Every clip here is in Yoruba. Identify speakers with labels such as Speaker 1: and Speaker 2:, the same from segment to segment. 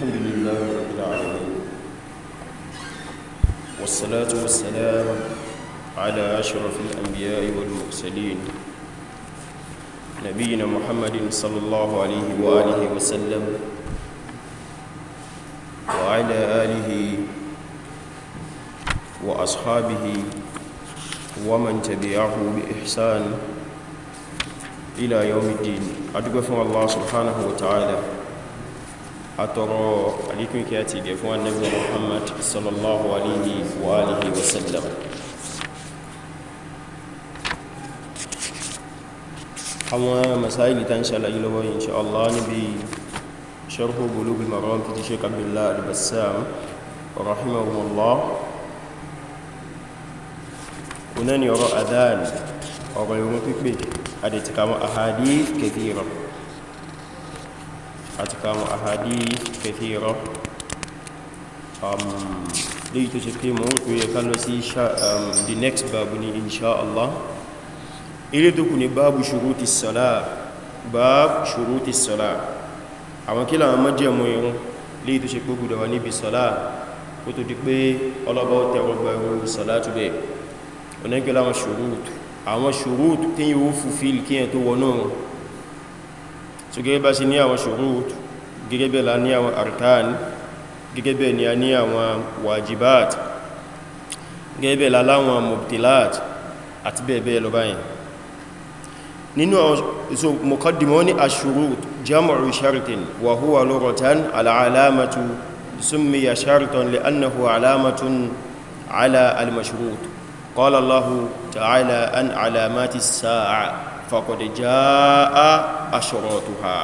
Speaker 1: الحمد لله رب العالمين والصلاة والسلام على أشرف الأنبياء والمرسلين نبينا محمد صلى الله عليه وآله وسلم وعلى آله وأصحابه ومن تبعه بإحسان إلى يوم الدين أدقف الله سبحانه وتعالى atọrọ alikun kí a ti gẹ̀ fún annabi muhammad sallallahu alaihi wa alihi wa sallam àwọn masáyìí ta ń ṣàlàyé lọ́wọ́ insha Allah níbi sharhu bulugul maram ti Shaykh Abdullah al-Bassam rahimahullah onáni ọ̀rọ̀ adhan ọ̀rọ̀ ìrun pípé adẹ̀tìkàmọ́ ahadith kathira àti káwọn ahadi kẹfẹ́rọ um, léyìí tó ṣe pé mọ̀ ń pè ká lọ sí um, the next babu ni inṣáàlá ilé tó kù ní báàbù ṣuruti sọ́lá báàbù ṣuruti sọ́lá àwọn kí láwọn májẹ̀mú irun léyìí tó ṣe pé gùdọ̀ wà níbi sọ́lá kó tó di pé ọlọ́bọ̀ tẹ̀wọ́gbà irun sọ́lá tó bẹ̀ onígbẹ̀láwọn ṣurut àwọn ṣurut tí yíó fufil kí ẹ tó wọnú so gẹ́gẹ́ bá ṣe ní àwọn shurut gẹ́gẹ́ bẹ́ẹ̀ la ní àwọn arkan gẹ́gẹ́ bẹ́ẹ̀ ni a ní àwọn wajibat gẹ́gẹ́ bẹ́ẹ̀ la láwọn mubtilat àti bẹ́ẹ̀ bẹ́ẹ̀ lọ báyìí nínú so قال الله تعالى أن علامات الساعة faqad jaa ashratuha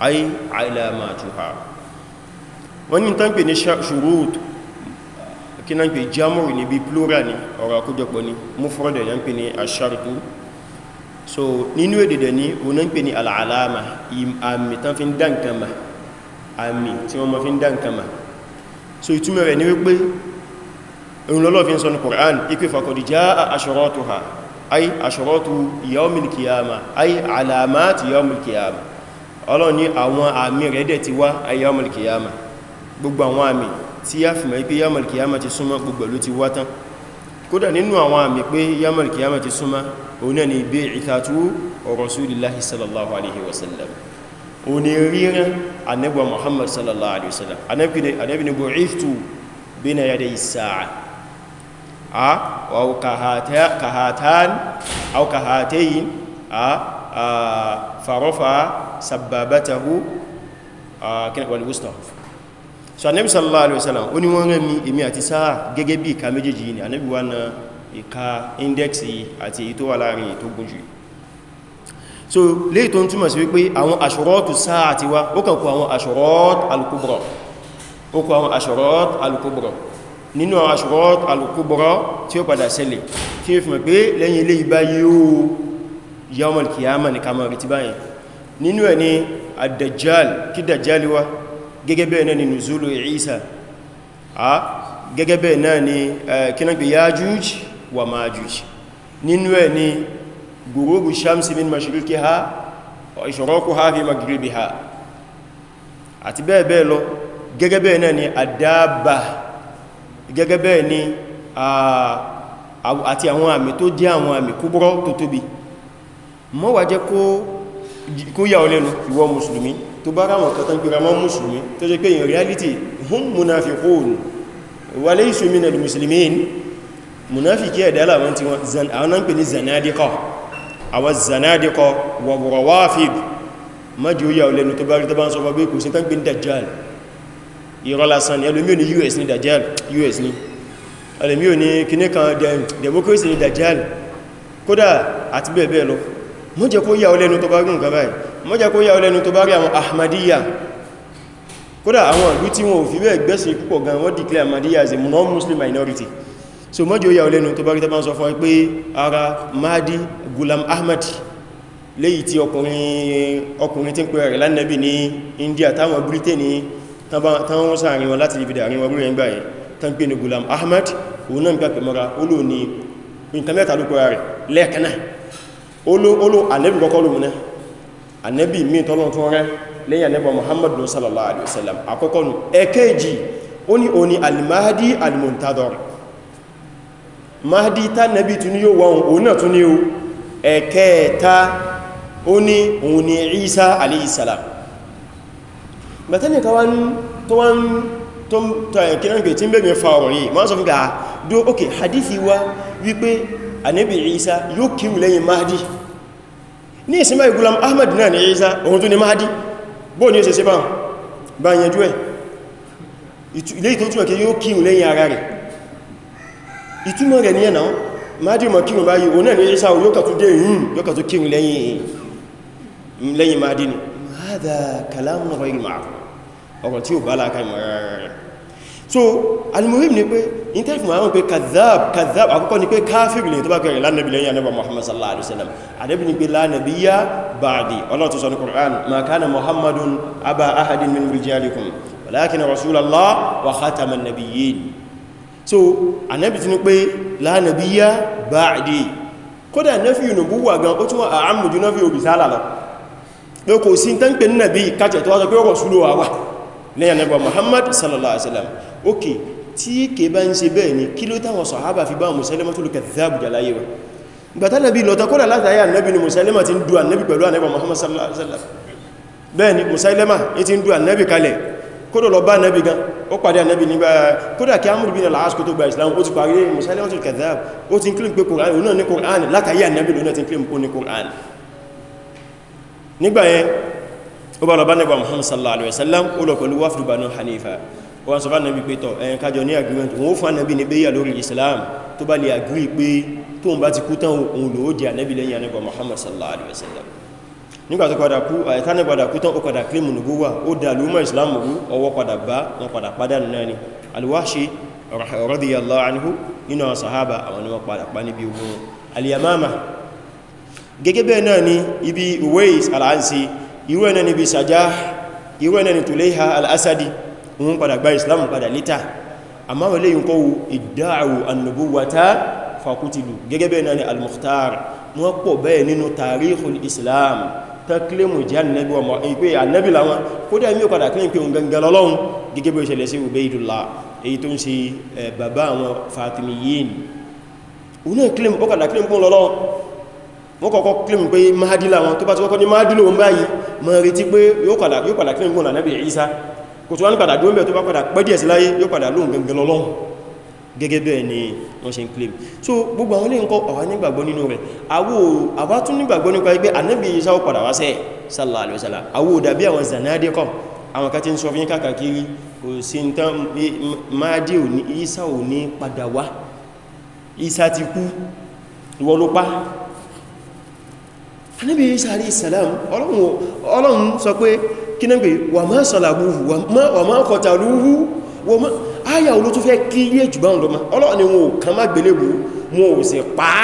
Speaker 1: ay alamatuha wọ́n ní tán pè ní shurut kí náà pè jamu ní bí plural ní ọ̀rọ̀ àkójọpọ̀ ní mufrad ní pè ní ashartu so nínú èdèdè ní òun náà pè ní alàlámà àmì tán fi ń dá nǹkan so ìtumọ̀ rẹ̀ ní wípé òun lọ́lọ́ Qur'an ikú faqad jaa ashratuha ay ashorotu yawmil kiyama ay alamati yawmil kiyama ọlọ́run ní àwọn àmì rẹ̀ dẹ̀ ti wá ay yawmil kiyama gbogbo àwọn àmì tí a fi mọ̀ pé yawmil kiyama ti súnmọ́ gbogbo ló ti wá tán kódà nínú àwọn àmì pé yawmil kiyama ti súnmọ́ òun náà ni bi'ithatu rasulillahi sallallahu alaihi wasallam òní ríran annabi muhammad sallallahu alaihi wasallam annabi ne bu'ithtu bayna yaday as-sa'a أو كهاتان أو كهاتين فرفع سبابته والوسطى so anabi sallallahu alaihi wasallam ó ní wọ́n rẹ̀ mi èmi àti sáà gẹ́gẹ́ bí ìka méjèèjì ni anabi wá na ìka index àti èyí wà láàrin èyí tó so léyìí tó ń túmọ̀ sí wípé àwọn ashratu sáà ti wá ó kàn kó àwọn ashratu al-kubra ó kó àwọn ashratu al nínú àwọn aṣùgbọ́ alùkúbọ̀rọ̀ tí ó padà ṣẹlẹ̀ tí ó fi mọ̀ pé lẹ́yìn ilé ìbá yíó yawmal kìyàmà ní kàmà rí ti báyìí nínú ẹ̀ ni àdàjál kí dàjálì wá gẹ́gẹ́ bẹ́ẹ̀ náà ni nùzúlù Ìsá a gẹ́gẹ́ bẹ́ẹ̀ náà ni kínagbé Yájúj wà Májúj gẹ́gẹ́ bẹ́ẹ̀ náà ni àdábà gẹ́gẹ́ ni àti àwọn àmì tó jẹ́ àwọn àmì kúbúrọ́ tó tóbi mọ́ wà jẹ́ kó yà ọlẹ́nu ìwọ mùsùlùmí tó bá ráwọn kàtàn gbìra mọ́ mùsùlùmí tó jẹ́ pé in reality hum munafiqun wa laysu minal muslimin munafiki ẹ̀dá láwọn tí wọ́n àwọn ń pè ní wa rawafid má jẹ́ ó yà ọlẹ́nu tó bá rí tó bá ń sọ irọ́ lásán ni ẹlòmí ò ní US ní dajjal US ní ẹlòmí ò ní kíní kan democracy ní dajjal kódà àti bẹ́ẹ̀ bẹ́ẹ̀ lọ mọ́ jẹ́ kó yà ọ lẹ́nu tó bá rí nǹkan báyìí mọ́ jẹ́ kó yà ọ tó bá rí àwọn ahmadiyya kódà àwọn ìlú tí wọn ò fi bẹ́ẹ̀ gbẹ́sìn púpọ̀ gan wọ́n declare ahmadiyya as minority so mọ́jọ yà ọ lẹ́nu tó bá rí ara mahdi gulam ahmad léyìí tí ọkùnrin tí ń pè rẹ̀ lánàbì ní india táwọn britain tán wọ́n sáàrin wọn láti ibi àrin wọn rúrẹ̀ ń gbáyé tán pè ní Gulam Ahmad òun náà gbàpẹ̀ mọ́ra olò ní nǹkan mẹ́ta ló kọ́ra rẹ̀ lẹ́ẹ̀kanáà olò anẹ́bì kọ́kọ́ lòun náà anẹ́bì míì tọ́lọ́n tó rẹ́ lẹ́yìn anẹ́bà Muhammad sallallahu alaihi wasallam àkọ́kọ́ nù ẹ̀kẹ́jì ó ní òní al-Mahdi al-Muntadhar Mahdi tá nẹ́bì tún yóò wọ́n òun náà tún ní o ẹ̀kẹ́ẹ̀ta ó ní òun ní Isa alayhi salam gbàtẹ́nìkan wá ń tó wá ń tó ń tàìkìrànkì tí ń bèèrè fa ọ̀rọ̀ yìí ma ń sọ fún gáà dó ok hadithi wá wípé Ànábì Isa yóò kíwù lẹ́yìn Mahdi ní ìsinmá Ghulam Ahmad náà ní Isa ohun tó ní Mahdi bó ní ẹsẹ̀ síbá bá yẹjú ẹ̀ ilé ìtò túnmọ̀ kí yóò kíwù lẹ́yìn ara rẹ̀ ìtumọ̀ rẹ̀ ní ẹ̀nà Mahdi mọ̀ kíwù báyìí òun náà ní Isa yóò Mahdi ni hadha kalamun ghayr ma'qul ọ̀rọ̀ tí ò bá láàká ìmọ̀ so alimuhim ni pé intef muhammad pe kazab kazab àkọ́kọ́ ni pé káfíìrì lè tó bá kẹrin lánàbí lẹ́yìn anẹ́bà muhammad sallallahu alaihi wasallam adẹ́bì ni pé lánàbí yá ba'di ọlọ́tù sọ ní Qur'an ma kana muhammadun aba ahadin min rijalikum walakin rasulallah wa khataman nabiyyin so anẹ́bì ti ni pé lánàbí yá ba'di kódà nẹ́fì yùnubú wà gan ó tún wà àmùjú nẹ́fì òbí sálà lọ pé kò sí tán pé nàbí kàtẹ̀ tó wá sọ pé ọkọ̀ lẹ́yìn anábà muhammad sallallahu alaihi wasallam ok tí kè bá ń ṣe bẹ́ẹ̀ ni kí ló táwọn sọ̀hábà fi bá musalima tó lùkẹ̀ záàbù jàláyé wa gbàtà nàbí lọ́ta kọ́lá látàáyà nàbí ni musalima ti ń du annabi pẹ̀lú anábà muhammad sallallahu alaihi wasallam bẹ́ẹ̀ ni musalima ti ń du annabi kalẹ̀ kódò lọ bá annabi gan ó pàdé annabi nígbà kódà kí amúrù bí nàlá àsìkò tó gba islam ó ti parí musalima tó lùkẹ̀ záàbù ó ti ń kílìm ó bá lọ bá nẹ́gbà Muhammad sallallahu alaihi wasallam ó lọ pẹ̀lú wáfdù Banu Hanifa ó wá sọ bá nẹ́bí pé tọ̀ ẹ̀yìn kájọ ní agreement wọ́n fún anẹ́bí ní bẹ́yà lórí Islam tó bá lè agree pé tó ń bá ti kú tán òun lò ó di anẹ́bí lẹ́yìn anẹ́gbà Muhammad sallallahu alaihi wasallam nígbà tó padà kú àyíká ní padà kú tán ó padà kílímù nùgbó wà ó dà lúmọ̀ Islam rú ọwọ́ padà bá wọn padà pádánù radiyallahu anhu nínú àwọn sahaba àwọn ni padà pa níbi ogun al gẹ́gẹ́ bẹ́ẹ̀ náà ni ibi Uwais al irú ẹ̀nà níbi Sajah irú ẹ̀nà ní Tulayha al-Asadi wọn padà gba Islam padà níta àmá wọlé yìí kọ́ idda'u an-nubuwwata fakutilu gẹ́gẹ́ bẹ́ẹ̀ náà ni al-Mukhtar wọ́n pọ̀ bẹ́ẹ̀ nínú tarikhul Islam tẹ́kílẹ̀mù jẹ́ annabi wa ìpé annabi láwọn kó dẹ̀ mí wọ́n kọ́kọ́ kílẹ̀mù pé mahadila wọn tó bá ti kọ́kọ́ ní mahadilo wọn báyìí mọ́ retí pé yóò padà yóò padà kí ní gbọ́nà Ànábì Ìsá kò tó wá ní padà dúró mẹ́ tó bá padà pẹ́ díẹ̀ sí láyé yóò padà lóhun gẹ̀gẹ̀ lọ́lọ́hun gẹ́gẹ́ bẹ́ẹ̀ ni wọ́n ṣe ń claim so gbogbo àwọn olóyìn kọ́ àwọn nígbàgbọ́ nínú rẹ̀ àwọ àbá tún nígbàgbọ́ nípa ẹgbẹ́ Ànábì Ìsá ó padà wá sẹ́ sallallahu alaihi wasallam àwọ dàbí àwọn zanadikọ àwọn kan ti ń sọ fún káàkiri kò ní anábi isa alayhi salam ọlọ́run sọ pé kí náà pé wà máa salabuhu wà máa qataluhu wà máa ayà olú tó fẹ́ kí yé jù báhùn lọ́mà ọlọ́run ni wọn ò kàn má gbélébù wọn ò sì pa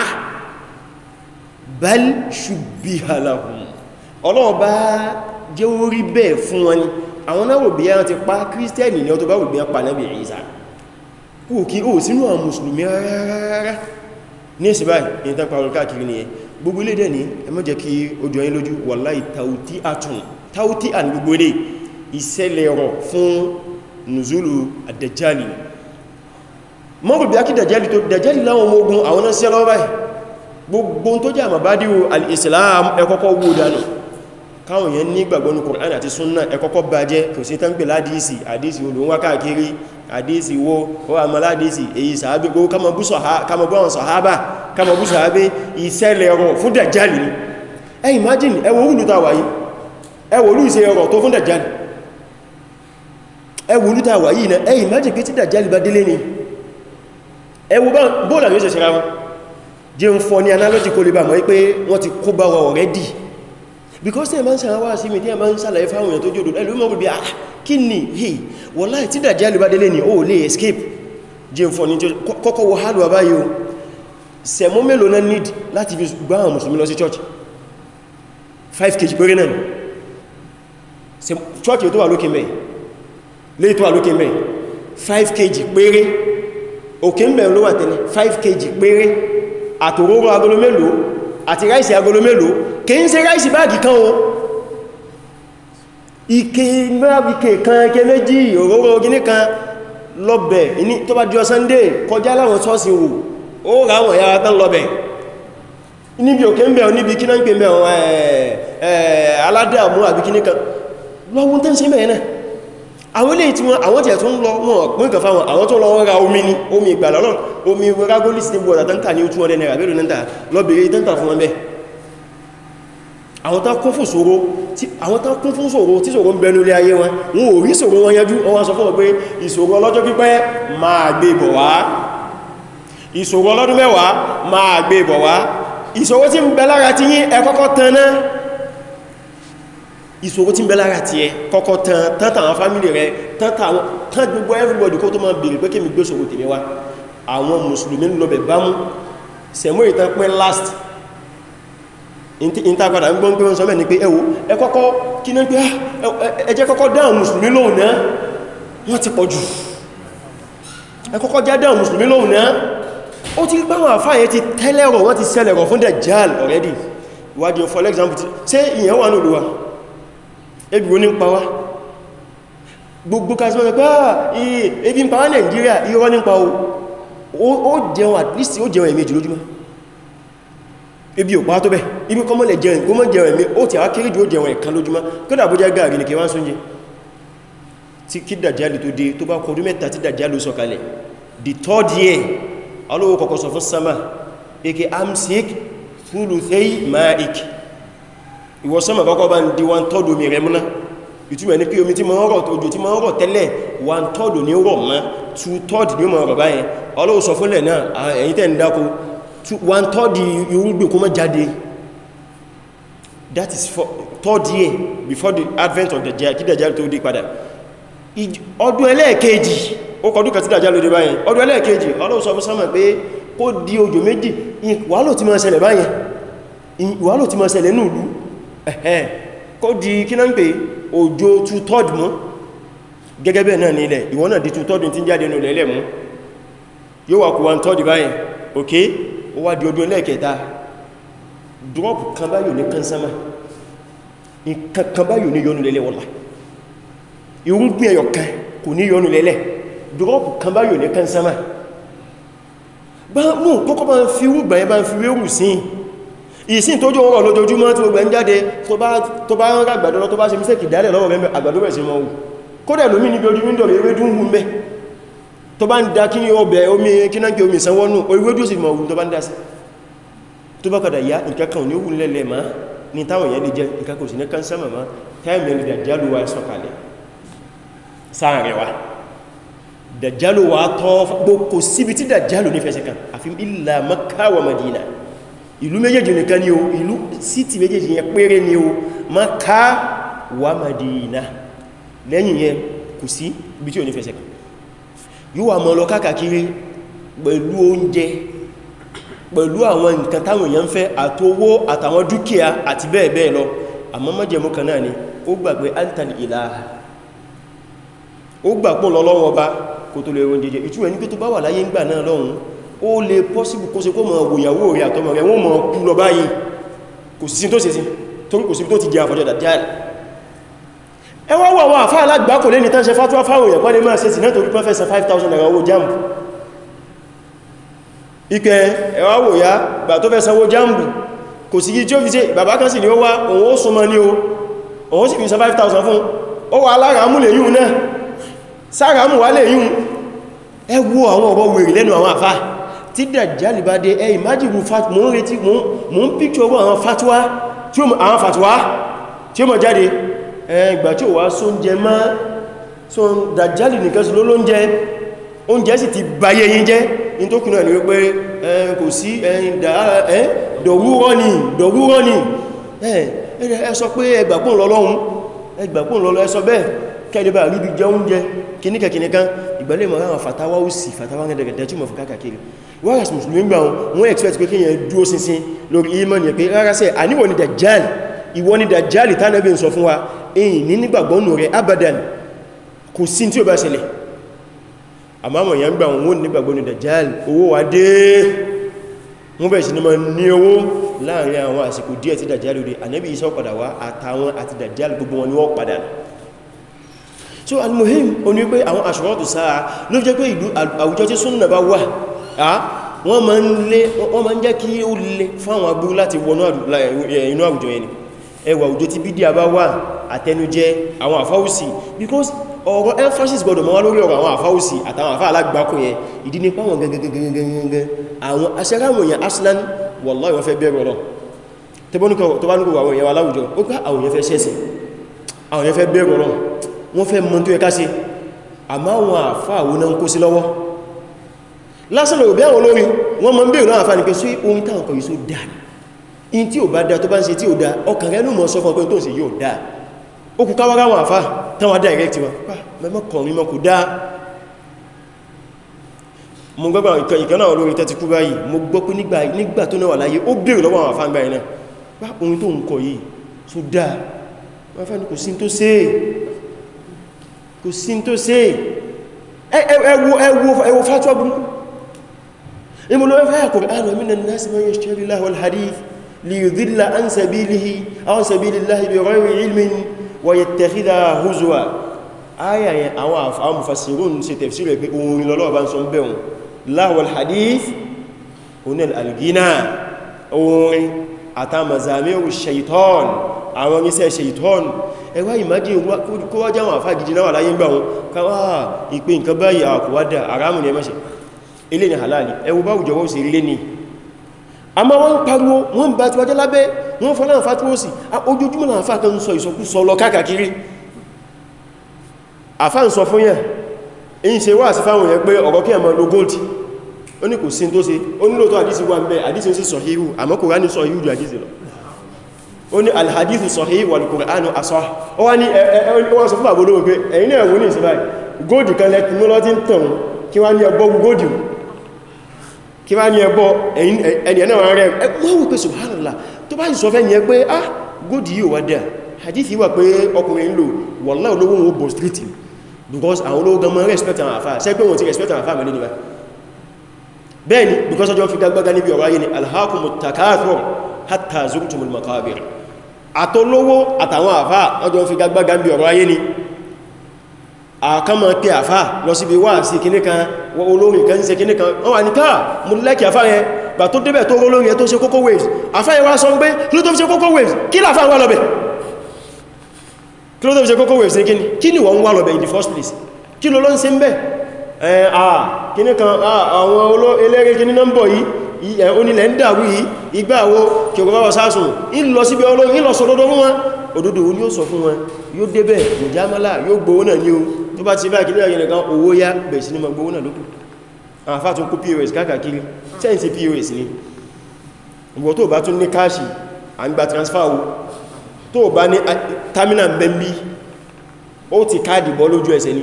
Speaker 1: bal shubbiha lahum ọlọ́run bá jẹ́ orí bẹ́ẹ̀ fún wọn ni àwọn náà wò bí i gbogbo ilé dẹ̀ ní ẹ má jẹ́ kí ojú ẹyìn lójú wallahi tàútí àtún tàútí àn gbogbo ilé ìṣẹ̀lẹ̀ rọ̀ fún nùzúlù àdẹ̀jálì mọ́rùn bí akídàjálì tó dàjálì láwọn ọmọ ogun àwọn náà sẹ́lọ́wọ́ báyìí gbogbo tó jẹ́ àmàbádìí al-Islam ẹkọ́kọ́ wó dánù káwọn yẹn ní gbàgbọ́ ní Qur'an àti súnnà ẹ̀kọ́kọ́ bá jẹ́ kò sí tán pè ládìísì àdìísì olùwọ́n káàkiri àdìísì wo ó wà mọ́ ládìísì èyí sàábé gbogbo kamọ̀bú àwọn sàhábà kamọ̀bú sàábé ìṣẹ̀lẹ̀ ọ̀rọ̀ fún dàjálì ni ẹ imagine ẹwọ olú ta wáyé ẹwọ olú ìṣẹ́ ọ̀rọ̀ tó fún dàjálì ẹwọ olú ta wáyé na ẹ imagine pé tí dàjálì bá délé ni ẹwọ bóòlà yóò ṣẹ̀ṣẹ̀ ra wọn jẹ́ ń fọ ní analogy kó lè bà mọ́ pé wọ́n ti kó bá wa already because tí man máa ń sàrán wá sí mi tí ẹ máa ń sàlàyé fáwọn èèyàn tó jòdó ẹlú mọ́ bí i ah kí ni hey wọ́láì tí dàjá lè bá délé ní o lè escape jim fọ́ ní kọ́kọ́ wọ hálù àbáyé o sẹ̀mọ́ mélòó náà need láti fi gbá àwọn mùsùlùmí lọ sí church 5kg péré náà church tó wà lókè mẹ́ lè tó wà lókè mẹ́ 5kg péré òkè mẹ́ ló wà tẹ́lẹ̀ 5kg péré àtòróró agolo mélòó àti ráìsì agolo mélòó kìí ṣe ráìsì báàgì kan o ike mẹ́ràbíkè kan ike méjì òróró gíní kan lọ́bẹ̀ ní tó bá jọ sunday kọjá láwọn ṣọ́ọ̀ṣì wò ó ráwọn yára tán lọ́bẹ̀ níbi òkè ń bẹ̀ níbi kí náà ń pè mẹ́ àwọn aládàmú àbí kí níkan lọ́wọ́n tẹ́ ń ṣe mẹ́rin náà àwọn ilé tí wọ́n àwọn naira bẹ́rù náà lọ́bẹ̀rẹ̀ tán tà àwọn tán kún fún ṣòro àwọn tán kún fún ṣòro tí ṣòro ń bẹnu ilé ayé wọn wọn ò rí ṣòro wọn yanjú wọn sọ fún ọ pé ìṣòro ọlọ́jọ́ pípẹ́ máa gbé bọ̀ wá ìṣòro ọlọ́dún mẹ́wàá máa gbé bọ̀ wá ìṣòro tí ń bẹ lára ti yín ẹ kọ́kọ́ tan náà ìṣòro tí ń bẹ lára ti ẹ kọ́kọ́ tan tán tàwọn fámílì rẹ tán tàwọn tán gbogbo everybody kó tó máa bèèrè pé kí mi gbé ṣòro tèmi wá àwọn mùsùlùmí lọ bẹ̀ bámú sẹ̀mú ìtàn pẹ́ last ìntàpadà ń gbọ́n pé wọ́n sọ mẹ́ ní pé ẹwò ah, ẹkọ́kọ́ kí ní pé ẹjẹ́ kọ́kọ́ dáhùn mùsùlùmí lóhùn náà wọ́n ti pọ̀ jù ẹkọ́kọ́ já dáhùn mùsùlùmí lóhùn náà ó ti gbáwọn àfáyẹ ti tẹ́lẹ̀rọ̀ wọ́n ti sẹlẹ̀rọ̀ fún Dajjal already wájú for example ṣe ìyẹn wà ní olùwà ebi wo ní ń pa wá gbogbo kásí wọ́n pé ah, ebi ń pa wá Nàìjíríà irọ́ ní ń pa ó jẹun ebi ò pa tó bẹ́ ibi kọmọ́ lè jẹun gómọ́ jẹun ẹ̀mí ó ti àkéré jù ó jẹun ẹ̀kan lójúmọ́ kódà bó jẹ́ gáàrí ní kí wọ́n súnjẹ tí kí dàjálù tó dé tó bá kọdún mẹ́ta tí dàjálù sọ̀kalẹ̀ the third alówó kọ̀kọ́ sọ eke amsik thuluthei maik ìwọ sama kọ́kọ́ bá ń di one third omi rẹ̀ múná ìtumọ̀ ní pé omi tí ma ń rọ̀ òjò tí ma ń rọ̀ tẹ́lẹ̀ one one third you will be má jáde that is for third year before the advent of the jaya kí dàjálù tó dé padà ọdún ẹlẹ́ẹ̀kejì ó kọ̀dún kàtí dàjálù dé báyìí ọdún ẹlẹ́ẹ̀kejì Ọlọ́run sọ fún sánmà pé kó di òjò méjì ìwálò tí máa ṣẹlẹ̀ báyìí ìwálò tí máa ṣẹlẹ̀ ní ìlú ẹ̀hẹ́ kó di kí náà ń pè òjò two third mọ́ gẹ́gẹ́ bẹ́ẹ̀ náà ní ilẹ̀ ìwọ́n náà di two third tí ń jáde nù lẹ́lẹ̀ mú yóò wà kú one third báyìí okay ó wá di ọdún ẹlẹ́ẹ̀kẹta drop kan báyò ní kánsánmà kan báyò ní yọnu lẹ́lẹ́ wọ́la irúgbìn ẹyọ kan kò ní yọnu lẹ́lẹ́ drop kan báyò ní kánsánmà bá mú kókó bá ń fi rúgbà yẹn bá ń fi rérù sí ìsìn tó jọ ọ̀rọ̀ lójoojúmọ́ tí gbogbo ẹ̀ ń jáde tó bá ń rà àgbàdo lọ tó bá ṣe tó bá ń da kí ní ọbẹ̀ omi kínákí omi ìsanwọ́nù oríwédú sí ma ohun tó bá ń dá sí tó bá kàdà yá nǹkankan ní ohun lẹ́lẹ̀ ma ní táwọn èèyàn lè jẹ nǹkankan sí ní kánsá màmá táìmì wa Madina ìlú méjèèjì nìkan ni o ìlú síti méjèèjì yẹn péré ni o Makka wa Madina lẹ́yìn yẹn kù sí ibi tí ò ní fẹsẹ̀ yíò àmọ́ lọ káàkiri pẹ̀lú oúnjẹ pẹ̀lú àwọn nǹkan táwọn èèyàn fẹ́ àtowó àtàwọn dúkìá àti bẹ́ẹ̀ bẹ́ẹ̀ lọ àmọ́ mọ́jẹ̀mú kan náà ni ó gbàgbé antan ìlàhà ó gbàgbọ́ lọ́lọ́wọ́ bá kò tó lè rọ jẹjẹ ìtúwẹ̀ ní pé tó bá wà láyé ńgbà náà lọ́hun ó lè pọ́síbù kó se kó mọ̀ òyàwó rẹ̀ àtọmọ̀ rẹ̀ ẹ wá wọ àwọn àfá alágbàkò lé ní tán ṣe fátúwá fáwọn èèyàn pọ́lé máa ṣe sí náà torí pọ́n fẹ́sàn 5,000 naira owó jáàmù ikẹ́ ẹ wá wò ya bà tó fẹ́sàn owó jáàmù kò sí tí ó fi ṣe bàbá kan sì ni ó wá òun ó súnmọ́ ní o òun sì fi san 5,000 fún ó wà aláramú lè yíun náà sáramú wà lè yíun ẹ wo àwọn ọ̀rọ̀ wèrè lẹ́nu àwọn àfá tí dàjálì bá dé ẹ ìmájìrù mo ń retí mo ń píkṣọ àwọn fatuwa tí ó mọ̀ jáde ẹgbà tí ó wá sóúnjẹ mọ́ so dàjálì nìkan sí lólóúnjẹ oúnjẹ sì ti báyé yín jẹ́ in tó kùnà ní wípé kò sí dọ̀wúrọ́ ni dọ̀wúrọ́ ni ẹ sọ pé ẹgbàpùn lọ́lọ́run ẹgbàpùn lọ́lọ́ ẹ sọ bẹ́ẹ̀ kẹ́lẹ́bà ríbi jẹ oúnjẹ kìníkà kìníkà ìgbàlẹ̀ mọ̀ ráwọn fàtàwà ó sì fàtàwà rẹ̀dẹ̀dẹ̀ tí mọ̀ fún káàkiri whereas musulmi gbà wọ́n expect pé kíyàn dúó sinsin lórí iman yẹ pé rárá sẹ́ ni dajjal ìwọ ni dajjal tánàbí ń sọ fún wa èyìn ní nígbàgbọ́nù rẹ̀ abadan kò sí tí ó bá ṣẹlẹ̀ àmàmà ìyàn gbà wọn nígbàgbọ́nù dajjal owó wà dé wọ́n bẹ̀rẹ̀ sí ní ma ní owó láàrin àwọn àsìkò díẹ̀ tí dajjal rí ànábì Ìsá padà wá àtàwọn àti dajjal gbogbo wọn ni wọ́n padà so almuhim o ní pé àwọn àṣírọ́tù sáà ló jẹ́ pé ìlú àwùjọ tí súnnà bá wà wọ́n ma ń jẹ́ kí ó le fáwọn abú láti wọnú inú àwùjọ yẹn ni ẹwà òjò tí bídíà bá wà àtẹnujẹ àwọn àfáwùsì because ọ̀rọ̀ emphasis gbọdọ̀ mọ́ lórí ọ̀rọ̀ àwọn àfáwùsì àtàwọn àfá alágbàkùn yẹn ìdí ní pàwọn gẹ́gẹ́gẹ́gẹ́gẹ́gẹ́ àwọn aṣẹ́ráwò èèyàn aslan wallahi wọ́n fẹ́ bẹ̀rẹ̀ ọ̀rọ̀ tó bá ní gbogbo àwọn èèyàn aláwùjọ ó pé àwọn èèyàn fẹ́ ṣẹ́sìn àwọn èèyàn fẹ́ bẹ̀rẹ̀ ọ̀rọ̀ wọ́n fẹ́ mọ̀ tó yẹ ká ṣe àmọ́ àwọn àfá in tí ò bá dá tó bá ń ṣe tí ò dá ọkàn rẹ̀ ló mọ̀ sọ fún ọpẹ́ tó ń ṣe yóò dá ó kù káwàrá wọn àfá tánwà direct wọn ah, mẹ́mọ́ kọ̀rin mọ́ kò dá mo gbọ́gbà ìkan náà olórin tẹ́ti kú báyìí mo gbọ́ pé nígbà tó náà wà láyé ó bèèrè lọ́wọ́ àwọn àfáǹgbà iná bá ah, ohun tó ń kọ yìí tó dá wọ́n fẹ́ ní kò sí tó sé kò sí tó sé ẹwọ fatuwa burúkú ìmúlọ́wọ́ fẹ́ àkùnrin ah, àrùn mínà náà sí mọ́ yẹ́ ṣẹ́rí láhọ́ hadith ليذل عن سبيله عن سبيل الله بغير علم ويتخذها هزوا aya yẹn àwọn amufasirun ṣe tafsir pé ohun lọ́lọ́ bá ń sọ bẹ̀rùn láwọl hadith onel algina orin àtàmàzàmíru shaitan àwọn oníṣẹ́ shaitan ẹwà ìmájí kó wájá wọn àfá gidi náwà láyé gbà wọn káwà ìpín nǹkan báyìí àkọwádà aráàmù ní ẹmẹ́ṣẹ̀ ilé ni halali ẹwọ báwùjọ wọ́n sì rí lé ni àmá wọ́n ń pariwo wọ́n ń bá ti wájẹ́ lábẹ́ wọ́n fọ́lá àfá tí ó sì ojoojúmọ́ náà àfá kan ń sọ ìsọkúsọ lọ káàkiri àfá ń sọ fún yẹn èyí ṣe wá sí fáwọn yẹn pé ọ̀rọ̀ kí ẹmọ lo gold ó ní kò sí tó ṣe ó ní lóòtọ́ àdísì wà ń bẹ àdísì sí sọ̀híhù àmọ́ Kùránì sọ̀híhù ju àdísì lọ ó ní alhadithu sọ̀híhù wal Kùránù asah ó wá ní ẹwọ́n sọ fún àbúrò pé ẹ̀yìn náà wọ́n ní ìsinmi góòdì kan lẹ́kùn lọ́tí ń tàn kí wá ní ọgbọ́gbù góòdì kí wá ní ẹbọ ẹni ẹ̀nà wọn rẹ̀ wọ́n wù pé subhanallah tó bá ìsọ fẹ́ ní ẹ ah góòdì yíò wà dẹ̀ hadith wà pé ọkùnrin lò wọ́lá olówó wọn bọ̀ street because àwọn olówó gan mọ́ respect àwọn àfáà ṣé pé wọ́n ti respect àwọn àfáà mẹ́lẹ́ níwá because ọjọ́ fi gbágbága níbi ọ̀rọ̀ ayé ni hatta zurtumul maqabir àtolówó àtàwọn àfáà ọjọ́ fi gbágbága níbi ọ̀rọ̀ ayé àkámọ̀ pé àfá lọ síbi wá sí kíní kan olórin kan ṣe kíní kan wọ́n wà ní káà ah, mú lẹ́kì àfá rẹ̀ bà tó débẹ̀ tó rólórin ẹ tó ṣe kókó waves àfá yẹ wá sọ pé kí ló tó ṣe kókó waves kí láfá wà lọ́bẹ̀ kí ló tó fi ṣe kókó waves ní kíní kí ni wọ́n wà lọ́bẹ̀ in the first place kí ló ló ń ṣe ń bẹ̀ kíní kan àwọn eléré kíní nọ́mbọ̀ yìí onílẹ̀ ń dàrú yìí ìgbà wo kí ọgbọ́n wọ sáàsùn ìlọ síbi olórin ìlọ sọ òdodo fún wọn òdodo ni ó sọ fún wọn yóò débẹ̀ ìjámálà yóò gbówó náà o tó bá ti bá kí lóyà yẹnìkan owó yá bẹ̀rẹ̀ sí ní mọ̀ gbówó náà lókù àwọn afá tún kó pos káàkiri sẹ́yìnsì pos ni ìwọ tó bá tún ní káàṣì à ń tó bá ní terminal bẹ́m̀bí ó ti káàdì bọ́ lójú ẹsẹ̀ ni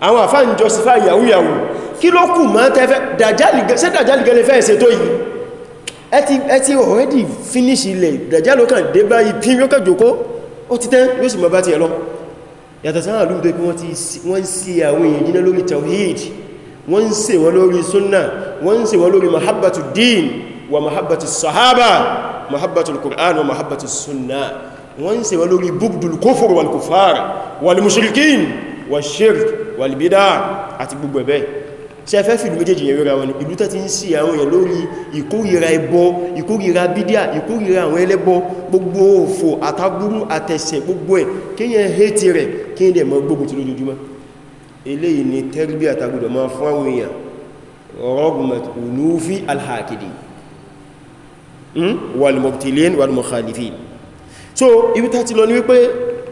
Speaker 1: àwọn afá ń justify yahoo yahoo kí ló kù mọ́ tẹ́fẹ́ ṣé dàjálì already finish ilẹ̀ dàjálì ó kàn dé báyìí pín yóò kàn jòkó ó yàtọ̀ sáà lú tó kí wọ́n sí àwọn èèyàn jíná lórí tawhid wọ́n ń ṣe wọ́n lórí sunna wọ́n ń ṣe wọ́n lórí mahabbatu din wa mahabbatu sahaba mahabbatu al-qur'an wa mahabbatu sunna wọ́n ń ṣe wọ́n lórí bugdul kufur wal kufar wal mushrikin wal shirk wal bid'ah àti gbogbo ẹ̀bẹ̀ ṣe fẹ́ fìlú méjèèjì yẹn ríra wọn ni ìlú tẹ́ ti ń sí àwọn èèyàn lórí ìkórìíra ẹbọ ìkórìíra bídíà ìkórìíra àwọn ẹlẹ́bọ gbogbo òfò àtàbúrú àtẹ̀sẹ̀ gbogbo ẹ̀ kíyàn hétí rẹ̀ kíyàn dẹ̀ mọ́ gbógun ti lójoojúmọ́ eléyìí ni tẹ́rìbí àtàgbùdọ̀ máa fún àwọn èèyàn rọ́gùnmẹ̀t ònúfí alhàkìdì hmm? wal mubtilin wal mukhalifin so ibi tá ti lọ ni wípé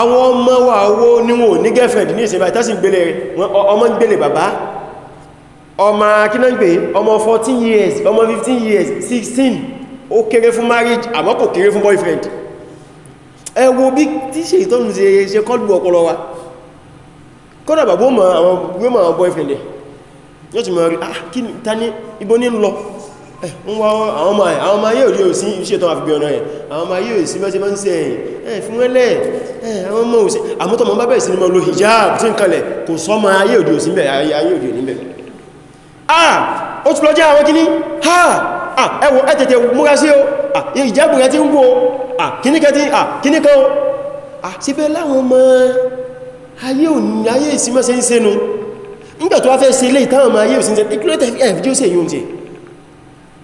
Speaker 1: àwọn ọmọ wà wó níwò ní girlfriend ní ìsẹ̀bà ìtàsí gbélé ọmọ gbélé bàbá ọmọ akínágbé ọmọ 14 years ọmọ 15 years 16 ó kéré fún marriage àmọ́ kò kéré fún boyfriend ẹ wo bí tí ṣe ìtọ́nù ṣe ṣe kọlù ọpọlọ wa kọ́nà bàbá mọ̀ àwọn boyfriend ẹ̀ yóò ah kí ni ta ní ibo Eh, àwọn ọmọ ayé òdí òsí ìṣẹ́tọ́ àfi bí ọ̀nà ẹ̀ àwọn ọmọ ayé òsí bẹ́ sí bá ń ṣe ẹ̀yìn eh, fún ẹlẹ́ eh, àwọn ọmọ òsí àmọ́tọ̀ mọ́ bá bẹ̀rẹ̀ sí ní mọ́ lo hijab tí ń kalẹ̀ kò sọ́mọ ayé òdí òsí bẹ̀ ayé òdí òní bẹ̀ ah ó tún lọ jẹ́ àwọn kíní ha ẹwọ ẹ̀tẹ̀tẹ̀ múra sí o ìjẹ́bù rẹ ti ń wo kíní kan o sí fẹ́ láwọn ọmọ ayé òní ayé ìsímọ́ se ń sẹ́nu nígbà tó wá fẹ́ ṣe ilé ìtàwọn ọmọ ayé òsí ń sẹ́nu ìkúlẹ̀tẹ̀ fíjọ́ sí èyí oúnjẹ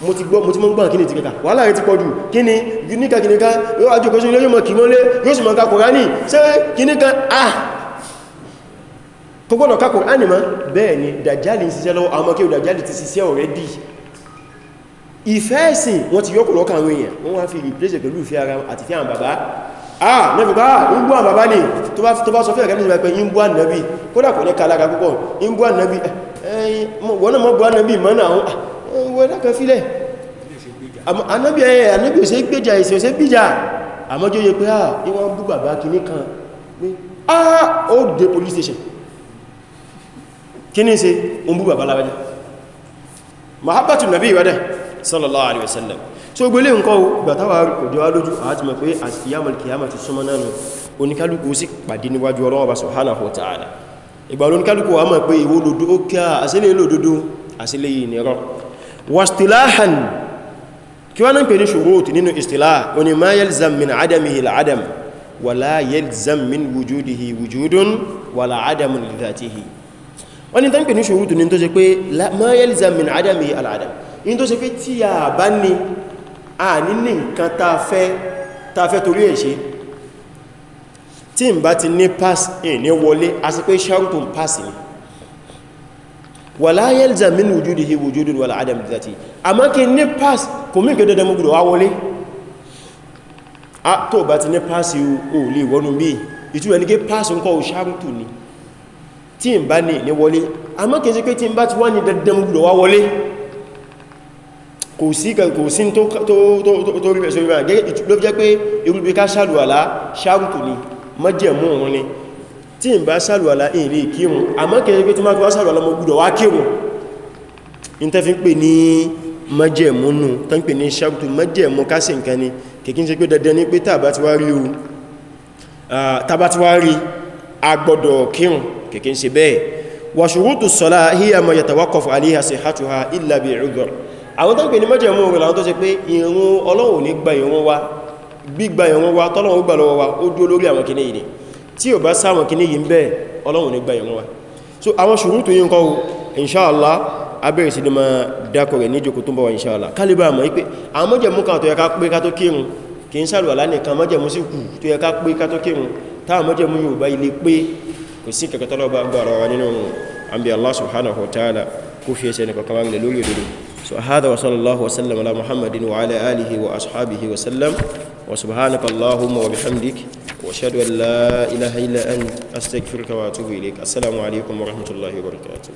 Speaker 1: mo ti gbọ́ mo ti mọ́ ń gbọ́n kí ní ti kẹta wàhálà rẹ̀ ti pọ̀jù kí ni gíníkà gíníkà yóò àjò kọ́sí ilé yóò mọ̀ kí mọ́ lé yóò sì mọ̀ ká Kùránì ṣe gíníkà ah kò gbọ́nà ká Kùránì mọ́ bẹ́ẹ̀ ni Dàjálì ń ṣiṣẹ́ lọ́wọ́ àwọn kéwù Dàjálì ti ṣiṣẹ́ already ìfẹ́ ẹ̀sìn wọ́n ti yọ́kù lọ́kàn àwọn èèyàn wọ́n wá fi replace pẹ̀lú ìfẹ́ ara ah nẹ́fẹ̀ẹ́ bá ń gbọ́ àwọn bàbá ní tó bá sọ fẹ́ ẹ̀kẹ́ nígbà pé ń gbọ́ ànàbí kódà kò ní kalára púpọ̀ ń gbọ́ ànàbí ẹ̀yìn wọ́n náà ìwọ̀ ẹ̀dá kan fílẹ̀ anábì ẹ̀ anábì ò sí gbèjà ìsìn ò sí gbèjà àmọ́jọ́ yẹ pé ah ìwọ̀n bú bàbá kìíní kan pé ah ó dé police station kíní ṣe ó ń bú bàbá lábájá mahabbatu nabi wada sallallahu alaihi wasallam so gbélé nǹkan gbàtàwà òjò alójú àti mọ̀ pé àti kìyàmọ̀ kìyàmọ̀ ti súnmọ́ náà oníkálùkù sí pàdé níwájú ọlọ́wọ́ bá subhanahu wa ta'ala ìgbà olóníkálùkù wà mọ̀ pé ìwó lòdó ó kí a àsílẹ̀ lòdòdó àsílẹ̀ yìí nìran واصطلاحا kí wọ́n ń pè ní ṣùgbọ́tù nínú ìstìlá oní ma yalzam min adamihi al'adam wala yalzam min wujudihi wujudun wala adamun li dhatihi wọ́n ni tán pè ní ṣùgbọ́tù ní tó ṣe pé ma yalzam min adamihi al'adam in tó ṣe pé tí a bá ní a ní ní ta fẹ́ torí ẹ̀ ṣe tí n bá ti ní pass in ní wọlé a sì pé ṣarutun pass ni wala yalzam min wujudihi wujudun wala adam dhati àmọ́ kí ní pass kò mí gẹ́dẹ̀ dẹmú gbọ́dọ̀ wá wọlé tó bá ti ní pass o lè wọnú bí ìtú ẹni gé pass ń kọ́ o ṣáàrùtù ni tí ń bá ní ní wọlé àmọ́ kí sí pé tí ń bá ti wá ní dẹ̀dẹ̀mú tí n bá sàlùwàlá in lè kírun àmọ́ kẹrẹ pé tí má kí wá sàlùwàlá mọ́ gbúdọ̀ wá kírun in tẹ́ fi ń pè ní májẹ̀múnú tán pè ní ṣàkùtù májẹ̀mú kásì nǹkan ni kìkí ń ṣe pé dandan ní pé tàbá ti wá rí agbọ́dọ̀ kírun kìkí ń ṣe bẹ́ẹ̀ wa ṣurutu sọ́lá hiya ma yatawaqqafu alayha sihhatuha illa bi udhr àwọn tán pè ní tí ò bá sáwọn kìíní yìí ń bẹ́ ọlọ́run ní gba ìrún wa so àwọn ṣùrútù yìí ń kọ́ inṣáàlá abẹ́rẹ̀ sí dìmọ̀ dákọ̀ rẹ̀ níjòkó tó ń bọ̀ wà inṣáàlá kálíbà mọ̀ ipé àwọn mọ́jẹ̀mú kan tó yẹ ká pé ká tó kírun kì ń sàlùwà lánìkan mọ́jẹ̀mú sí kù tó yẹ ká pé ká tó kírun táwọn mọ́jẹ̀mú yóò bá ilé pé kò sí kẹ̀kẹ́ tọ́lọ́ bá so hadha wa sallallahu wa sallam ala muhammadin wa ala alihi وسبحانك اللهم وبحمدك واشهد ان لا اله الا انت استغفرك واتوب اليك السلام عليكم ورحمه الله وبركاته